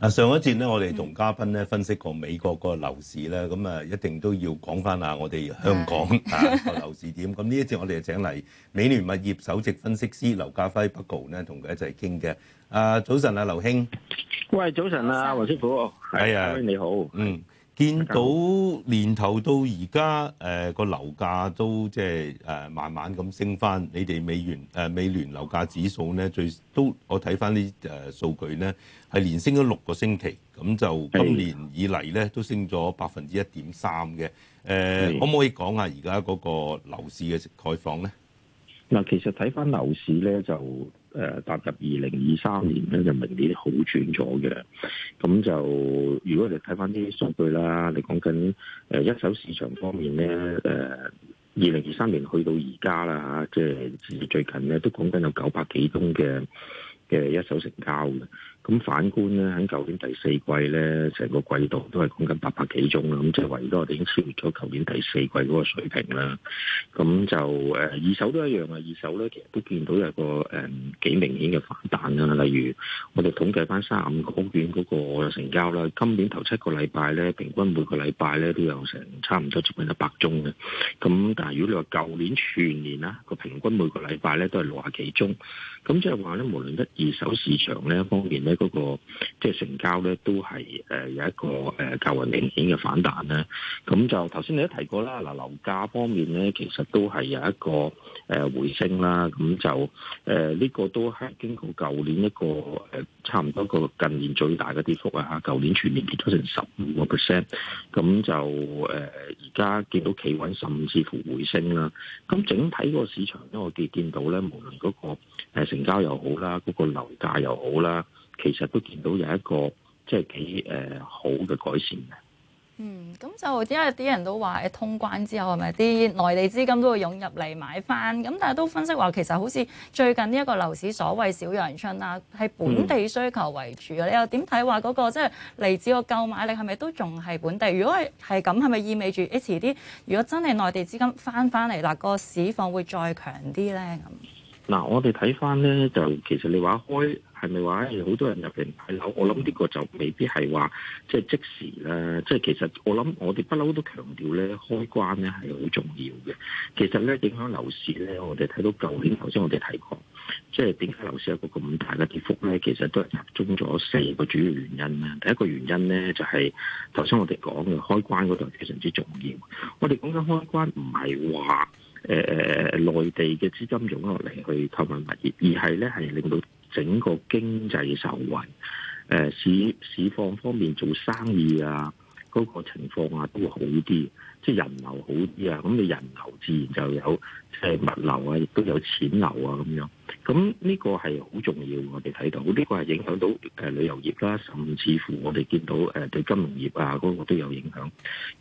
啊，上一節咧，我哋同嘉賓咧分析過美國個樓市啦。咁啊一定都要講翻下我哋香港啊個樓市點。咁呢一節我哋就請嚟美聯物業首席分析師劉嘉輝 Baco 咧，同佢一齊傾嘅。啊，早晨啊，劉兄。喂，早晨啊，黃師傅。係啊。你好，啊。嗯。見到年頭到而家，誒、呃、個樓價都即係誒慢慢咁升翻。你哋美元誒、呃、美聯樓價指數咧，最都我睇翻呢啲誒數據咧，係連升咗六個星期，咁就今年以嚟咧都升咗百分之一點三嘅。誒、呃，的可唔可以講下而家嗰個樓市嘅概況咧？嗱，其實睇翻樓市咧就。誒踏入二零二三年咧，就明年好轉咗嘅。咁就如果你睇翻啲數據啦，你講緊誒一手市場方面咧，誒二零二三年去到而家啦嚇，即係至最近咧，都講緊有九百幾宗嘅嘅一手成交嘅。咁反觀咧，喺舊年第四季咧，成個季度都係講緊八百幾宗啦，咁、嗯、即係我哋已經超越咗舊年第四季嗰個水平啦。咁就誒、呃、二手都一樣啊，二手咧其實都見到有個誒、呃、幾明顯嘅反彈啦。例如我哋統計翻三五個屋苑嗰個成交啦，今年頭七個禮拜咧，平均每個禮拜咧都有成差唔多接近一百宗嘅。咁但係如果你話舊年全年啦，個平均每個禮拜咧都係六十幾宗。咁即係話咧，無論喺一二手市場一方面咧。嗰個即係成交咧，都係誒有一個誒較為明顯嘅反彈啦。咁就頭先你都提過啦，嗱，樓價方面咧，其實都係有一個誒回升啦。咁就誒呢個都係經過舊年一個誒差唔多個近年最大嘅跌幅啊！嚇，舊年全年跌咗成十五個 percent。咁就誒而家見到企穩，甚至乎回升啦。咁整體個市場咧，我見，見到咧，無論嗰個成交又好啦，嗰個樓價又好啦。其實都見到有一個即係幾誒好嘅改善嘅。嗯，咁就點解啲人都話，一通關之後係咪啲內地資金都會湧入嚟買翻？咁但係都分析話，其實好似最近呢一個樓市所謂小陽春啦、啊，係本地需求為主嘅。嗯、你又點睇話嗰個即係嚟自個購買力係咪都仲係本地？如果係係咁，係咪意味住誒遲啲，如果真係內地資金翻翻嚟，嗱、個市況會再強啲咧？咁？嗱，我哋睇翻咧，就其實你話開係咪話誒好多人入嚟買樓，我諗呢個就未必係話即係即時啦。即係其實我諗我哋不嬲都強調咧，開關咧係好重要嘅。其實咧影響樓市咧，我哋睇到舊年頭先我哋睇過，即係點解樓市有個咁大嘅跌幅咧？其實都係集中咗四個主要原因啦。第一個原因咧就係頭先我哋講嘅開關嗰度非常之重要。我哋講緊開關唔係話，誒誒誒，內、呃、地嘅資金湧入嚟去購買物業，而係咧係令到整個經濟受惠，誒、呃、市市況方面做生意啊。嗰個情況啊，都會好啲，即係人流好啲啊，咁你人流自然就有即係物流啊，亦都有錢流啊咁樣。咁呢個係好重要，我哋睇到呢、這個係影響到誒旅遊業啦、啊，甚至乎我哋見到誒、呃、對金融業啊嗰、那個都有影響。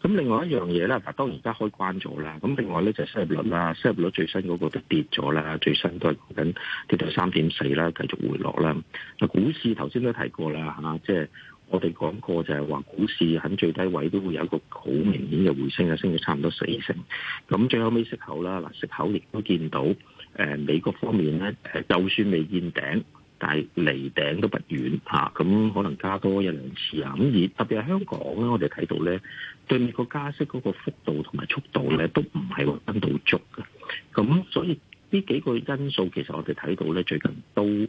咁另外一樣嘢咧，嗱當然而家開關咗啦，咁另外咧就失業率啦、啊，失業率最新嗰個都跌咗啦，最新都係講緊跌到三點四啦，繼續回落啦。啊，股市頭先都提過啦嚇，即係。我哋講過就係話，股市喺最低位都會有一個好明顯嘅回升，啊，升到差唔多四成。咁最後尾息口啦，嗱息口亦都見到，誒、呃、美國方面咧，誒就算未見頂，但係離頂都不遠嚇。咁、啊嗯、可能加多一兩次啊。咁、嗯、而特別係香港咧，我哋睇到咧，對面個加息嗰個幅度同埋速度咧，都唔係話跟到足嘅。咁所以呢幾個因素其實我哋睇到咧，最近都誒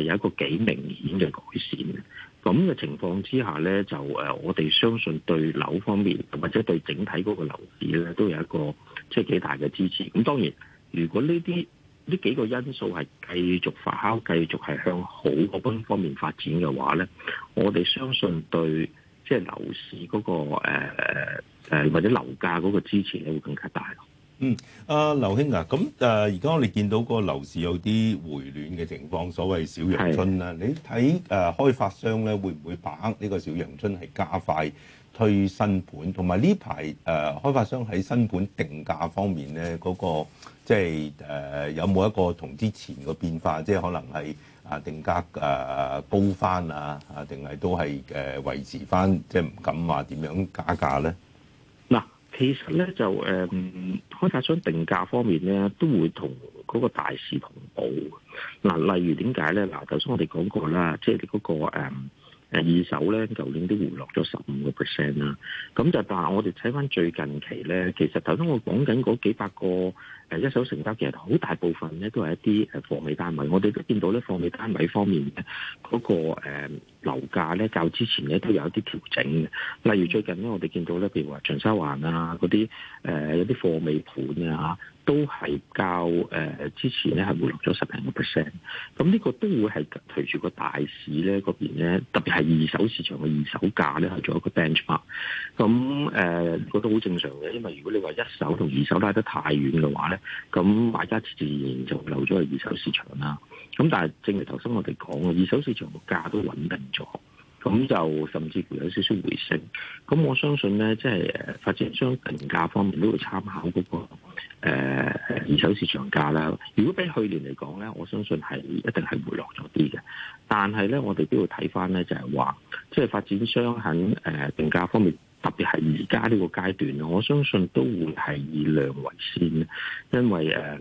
有一個幾明顯嘅改善嘅。咁嘅情況之下呢，就誒、呃、我哋相信對樓方面，或者對整體嗰個樓市呢，都有一個即係、就是、幾大嘅支持。咁、嗯、當然，如果呢啲呢幾個因素係繼續發酵、繼續係向好嗰方面發展嘅話呢，我哋相信對即係、就是、樓市嗰、那個誒、呃呃、或者樓價嗰個支持呢，會更加大。嗯，阿劉兄啊，咁誒而家我哋見到個樓市有啲回暖嘅情況，所謂小陽春啦。的你睇誒開發商咧，會唔會把握呢個小陽春係加快推新盤？同埋呢排誒開發商喺新盤定價方面咧，嗰個即係誒有冇一個同之前嘅變化？即係可能係啊定價誒高翻啊，啊定係都係誒維持翻，即係唔敢話點樣加價咧？其實咧就誒、嗯，開發商定價方面咧都會同嗰個大市同步。嗱，例如點解咧？嗱，頭先我哋講過啦，即係你嗰個誒、嗯、二手咧，舊年都回落咗十五個 percent 啦。咁就但係我哋睇翻最近期咧，其實頭先我講緊嗰幾百個。誒一手成交其實好大部分咧都係一啲誒貨尾單位，我哋都見到咧貨尾單位方面咧嗰、那個誒、呃、樓價咧較之前咧都有一啲調整嘅。例如最近咧我哋見到咧譬如話長沙灣啊嗰啲誒有啲貨尾盤啊都係較誒、呃、之前咧係回落咗十零個 percent。咁呢個都會係隨住個大市咧嗰邊咧，特別係二手市場嘅二手價咧係做一個 benchmark。咁誒覺得好正常嘅，因為如果你話一手同二手拉得太遠嘅話咧。咁買家自然就會流咗去二手市場啦。咁但係正如頭先我哋講，二手市場個價都穩定咗，咁就甚至乎有少少回升。咁我相信咧，即係發展商定價方面都會參考嗰個呃二手市場價啦。如果比去年嚟講咧，我相信係一定係回落咗啲嘅。但係咧，我哋都要睇翻咧，就係話即係發展商喺誒定價方面。特別係而家呢個階段，我相信都會係以量為先，因為誒、呃，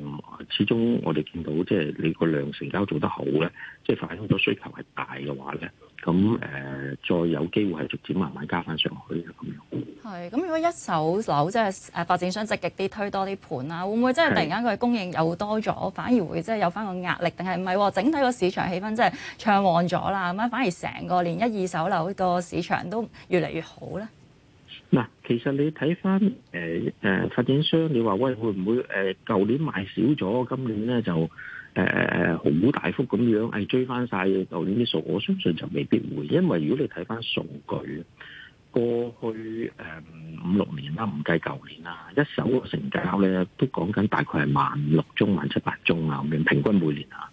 始終我哋見到即係你個量成交做得好咧，即係反映咗需求係大嘅話咧，咁誒、呃，再有機會係逐漸慢慢加翻上去咁樣。係咁，如果一手樓即係誒發展商積極啲推多啲盤啦，會唔會即係突然間佢供應又多咗，是反而會即係有翻個壓力？定係唔係？整體個市場氣氛真係暢旺咗啦，咁樣反而成個連一二手樓個市場都越嚟越好咧？嗱，其實你睇翻，誒誒發展商你，你話喂會唔會誒舊、呃、年賣少咗，今年咧就誒誒好大幅咁樣誒、哎、追翻晒舊年啲數？我相信就未必會，因為如果你睇翻數據，過去誒五六年啦，唔計舊年啦，一手成交咧都講緊大概係萬六宗、萬七八宗啊，咁樣平均每年啊。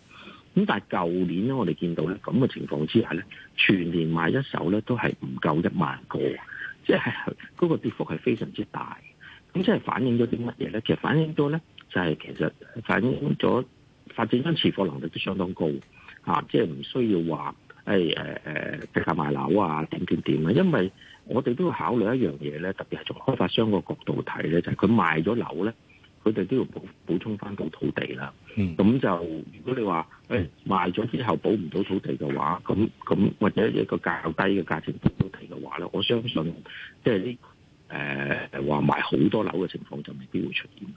咁但係舊年咧，我哋見到咧咁嘅情況之下咧，全年賣一手咧都係唔夠一萬個。即係嗰個跌幅係非常之大，咁即係反映咗啲乜嘢咧？其實反映咗咧，就係、是、其實反映咗發展商持貨能力都相當高啊！即係唔需要話誒誒誒即刻賣樓啊點點點啊，因為我哋都要考慮一樣嘢咧，特別係從開發商個角度睇咧，就係、是、佢賣咗樓咧。佢哋都要補補充翻到土地啦，咁就如果你話誒、哎、賣咗之後補唔到土地嘅話，咁咁或者一個較低嘅價錢補到地嘅話咧，我相信即係呢誒話賣好多樓嘅情況就未必會出現。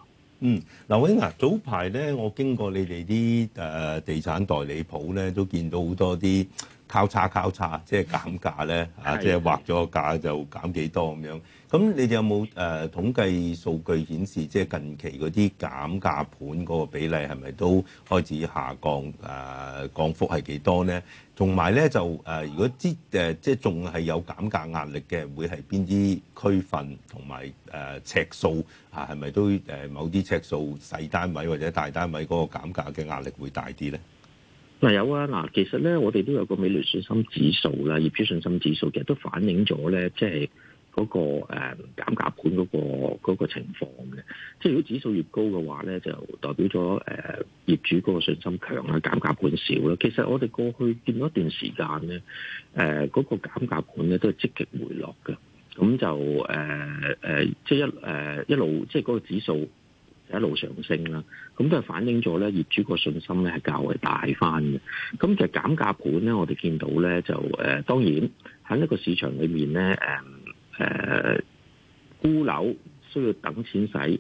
嗯，劉嘉輝啊，早排咧，我經過你哋啲誒地產代理鋪咧，都見到好多啲。交叉交叉，即係減價咧嚇，即係 是的、啊、劃咗個價就減幾多咁樣。咁你哋有冇誒、呃、統計數據顯示，即係近期嗰啲減價盤嗰個比例係咪都開始下降？誒、呃，降幅係幾多咧？同埋咧就誒、呃，如果即係、呃、即係仲係有減價壓力嘅，會係邊啲區份同埋誒尺數嚇係咪都誒某啲尺數細單位或者大單位嗰個減價嘅壓力會大啲咧？咪有啊！嗱、嗯，其實咧，我哋都有個美聯信心指數啦，業主信心指數，其實都反映咗咧，即係嗰個誒、呃、減價盤嗰個嗰個情況嘅。即係如果指數越高嘅話咧，就代表咗誒、呃、業主嗰個信心強啦，減價盤少啦。其實我哋過去見到一段時間咧，誒、呃、嗰個減價盤咧都係積極回落嘅。咁就誒誒、呃呃，即係一誒一路，即係嗰個指數。一路上升啦，咁都係反映咗咧業主個信心咧係較為大翻嘅。咁其實減價盤咧，我哋見到咧就誒、呃，當然喺呢個市場裏面咧誒誒，沽、呃、樓需要等錢使，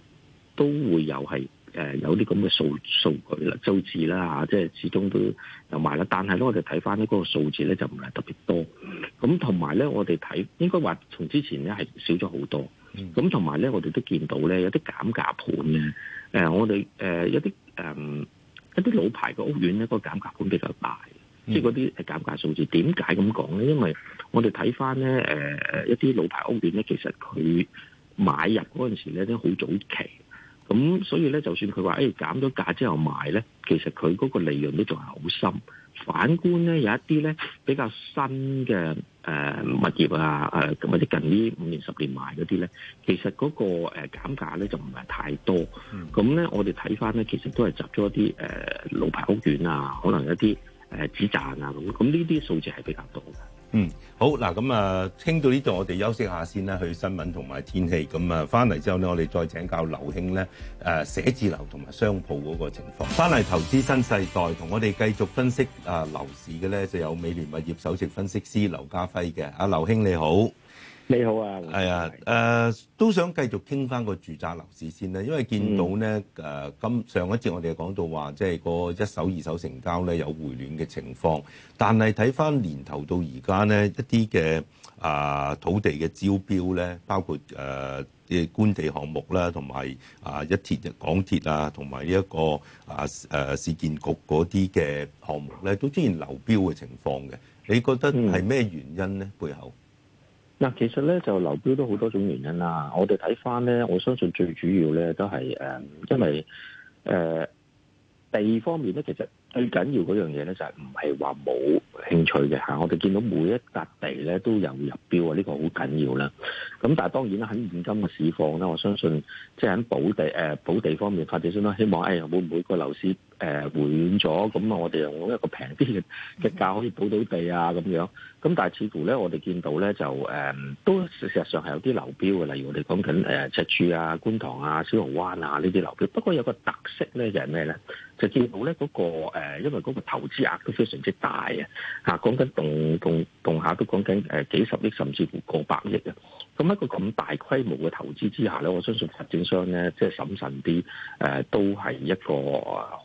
都會有係誒、呃、有啲咁嘅數數據,數據啦、數字啦嚇，即係始終都有埋啦。但係咧，我哋睇翻呢嗰、那個數字咧就唔係特別多。咁同埋咧，我哋睇應該話從之前咧係少咗好多。咁同埋咧，我哋都見到咧，有啲減價盤咧，誒、呃，我哋誒一啲誒一啲老牌嘅屋苑咧，個減價盤比較大，嗯、即係嗰啲減價數字。點解咁講咧？因為我哋睇翻咧誒一啲老牌屋苑咧，其實佢買入嗰陣時咧都好早期，咁所以咧，就算佢話誒減咗價之後賣咧，其實佢嗰個利潤都仲係好深。反觀咧，有一啲咧比較新嘅誒、呃、物業啊，誒咁或者近年年呢五年十年賣嗰啲咧，其實嗰個誒減價咧就唔係太多。咁咧、嗯，我哋睇返咧，其實都係集咗一啲誒老牌屋苑啊，可能一啲誒止賺啊，咁咁呢啲數字係比較多嘅。嗯，好嗱，咁啊，傾到呢度，我哋休息下先啦，去新聞同埋天氣。咁啊，翻嚟之後呢，我哋再請教劉兄呢誒寫字樓同埋商鋪嗰個情況。翻嚟 投資新世代，同我哋繼續分析啊樓市嘅呢，就有美聯物業首席分析師劉嘉輝嘅，啊，劉兄你好。你好啊，係啊，誒都想繼續傾翻個住宅樓市先啦，因為見到咧誒今上一節我哋講到話，即係個一手二手成交咧有回暖嘅情況，但係睇翻年頭到而家咧一啲嘅啊土地嘅招標咧，包括誒啲、啊、官地項目啦，同埋啊一鐵、啊、港鐵啊，同埋呢一個啊誒市建局嗰啲嘅項目咧，都出現流標嘅情況嘅，你覺得係咩原因咧背後？嗯嗱，其實咧就流標都好多種原因啦。我哋睇翻咧，我相信最主要咧都係誒、呃，因為誒、呃、地方面咧，其實最緊要嗰樣嘢咧就係唔係話冇興趣嘅，吓。我哋見到每一笪地咧都有入標啊，呢、這個好緊要啦。咁但係當然啦，喺現今嘅市況咧，我相信即係喺補地誒、呃、補地方面發展商啦。希望誒會唔會、哎、每個樓市。誒回暖咗，咁啊，我哋用一個平啲嘅價可以補到地啊，咁樣。咁但係似乎咧，我哋見到咧就誒、嗯，都事實上係有啲流標嘅，例如我哋講緊誒赤柱啊、觀塘啊、小龍灣啊呢啲流標。不過有個特色咧，就係咩咧？就見到咧、誒、嗰個，因為嗰個投資額都非常之大啊！嚇，講緊動動動下都講緊誒幾十億，甚至乎過百億啊！咁一個咁大規模嘅投資之下咧，我相信發展商咧，即係審慎啲，誒、呃、都係一個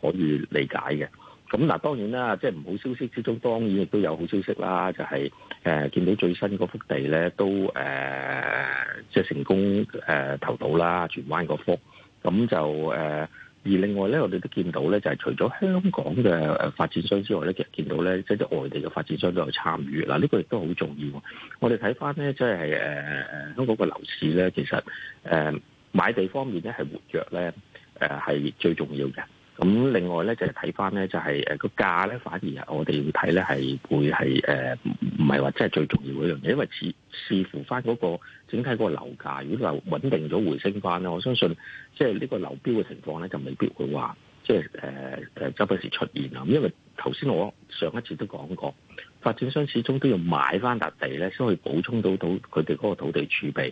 可以理解嘅。咁、呃、嗱，當然啦，即係唔好消息之中，當然亦都有好消息啦，就係、是、誒、呃、見到最新嗰幅地咧都誒、呃、即係成功誒、呃、投到啦，荃灣嗰幅，咁就誒。呃而另外咧，我哋都見到咧，就係、是、除咗香港嘅發展商之外咧，其實見到咧，即係啲外地嘅發展商都有參與。嗱，呢個亦都好重要。我哋睇翻咧，即係誒香港嘅樓市咧，其實誒、呃、買地方面咧係活躍咧，誒、呃、係最重要嘅。咁、嗯、另外咧，就係睇翻咧，就係、是、誒、呃，那個價咧，反而我哋會睇咧，係會係誒唔唔係話即係最重要一樣嘢，因為似視乎翻嗰個整體嗰個樓價，如果樓穩定咗回升翻咧，我相信即係呢個樓標嘅情況咧，就未必會話即係誒誒，即、呃、周不時出現啦。因為頭先我上一次都講過，發展商始終都要買翻笪地咧，先可以補充到土佢哋嗰個土地儲備，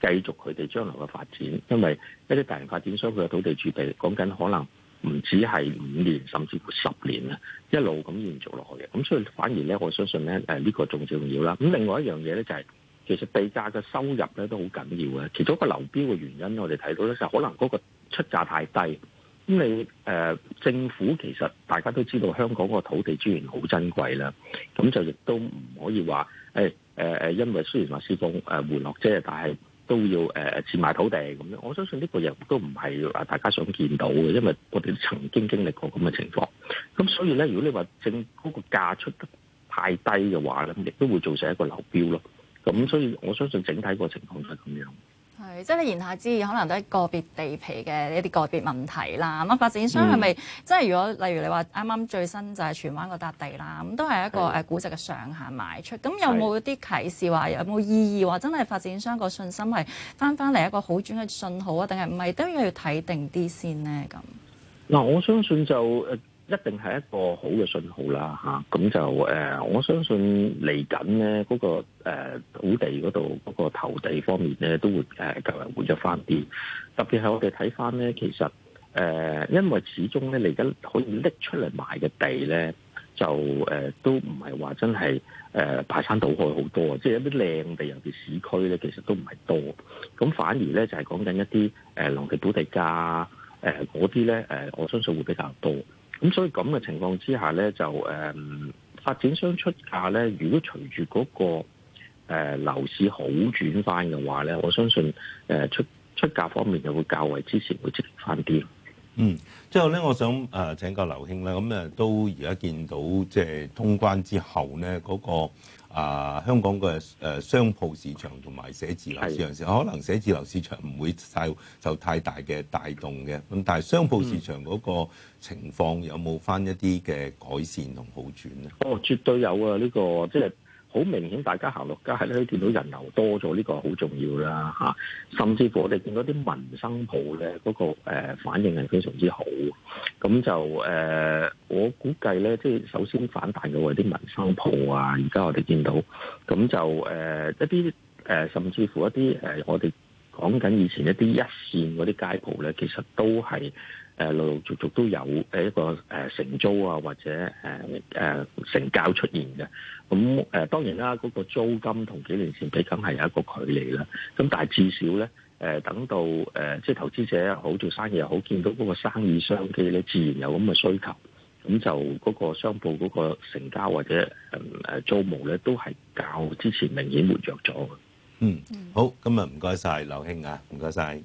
繼續佢哋將來嘅發展。因為一啲大型發展商佢嘅土地儲備講緊可能。唔止係五年，甚至乎十年啊，一路咁延續落去嘅，咁所以反而咧，我相信咧，誒、這、呢個仲重要啦。咁另外一樣嘢咧，就係其實地價嘅收入咧都好緊要嘅。其中一個流標嘅原因，我哋睇到咧就可能嗰個出價太低。咁你誒、呃、政府其實大家都知道香港個土地資源好珍貴啦，咁就亦都唔可以話誒誒誒，因為雖然話施傅誒緩落即係，但係。都要誒賤賣土地咁樣，我相信呢個亦都唔係啊大家想見到嘅，因為我哋曾經經歷過咁嘅情況。咁所以咧，如果你話正嗰、嗰個價出得太低嘅話咧，亦都會造成一個流標咯。咁所以我相信整體個情況就係咁樣。即係你言下之意，可能都係個別地皮嘅一啲個別問題啦。咁啊，發展商係咪、嗯、即係如果例如你話啱啱最新就係荃灣個笪地啦，咁都係一個誒估值嘅上限賣出。咁的有冇啲啟示話有冇意義話真係發展商個信心係翻返嚟一個好轉嘅信號啊？定係唔係都要要睇定啲先呢？咁嗱、嗯，我相信就誒，一定係一個好嘅信號啦，嚇、啊、咁就誒、呃，我相信嚟緊咧嗰個、呃、土地嗰度嗰個投地方面咧都會誒較為活躍翻啲。特別係我哋睇翻咧，其實誒、呃、因為始終咧嚟緊可以拎出嚟賣嘅地咧，就誒、呃、都唔係話真係誒排山倒海好多啊，即係一啲靚地，尤其市區咧，其實都唔係多。咁反而咧就係講緊一啲誒農地土地價誒嗰啲咧誒，我相信會比較多。咁所以咁嘅情況之下咧，就誒、嗯、發展商出價咧，如果隨住嗰、那個誒、呃、樓市好轉翻嘅話咧，我相信誒出出價方面就會較為之前，會積極翻啲。嗯，之後咧，我想誒請教劉兄啦，咁誒都而家見到即係通關之後咧，嗰、那個。啊、呃，香港嘅誒、呃、商鋪市場同埋寫字樓市場，的可能寫字樓市場唔會受太受太大嘅帶動嘅。咁但係商鋪市場嗰個情況有冇翻一啲嘅改善同好轉咧？哦，絕對有啊！呢、這個即係。好明顯，大家行落街係咧，可以見到人流多咗，呢個好重要啦嚇。甚至乎我哋見到啲民生鋪咧，嗰個誒反應係非常之好。咁就誒，我估計咧，即係首先反彈嘅係啲民生鋪啊。而家我哋見到，咁就誒一啲誒，甚至乎一啲誒，我哋講緊以前一啲一線嗰啲街鋪咧，其實都係。誒陸陸續續都有誒一個誒成租啊，或者誒誒成交出現嘅。咁誒當然啦，嗰個租金同幾年前比梗係有一個距離啦。咁但係至少咧，誒等到誒即係投資者又好，做生意又好，見到嗰個生意商機咧，自然有咁嘅需求。咁就嗰個商鋪嗰個成交或者誒租務咧，都係較之前明顯活躍咗。嗯，好，今日唔該晒劉兄啊，唔該晒。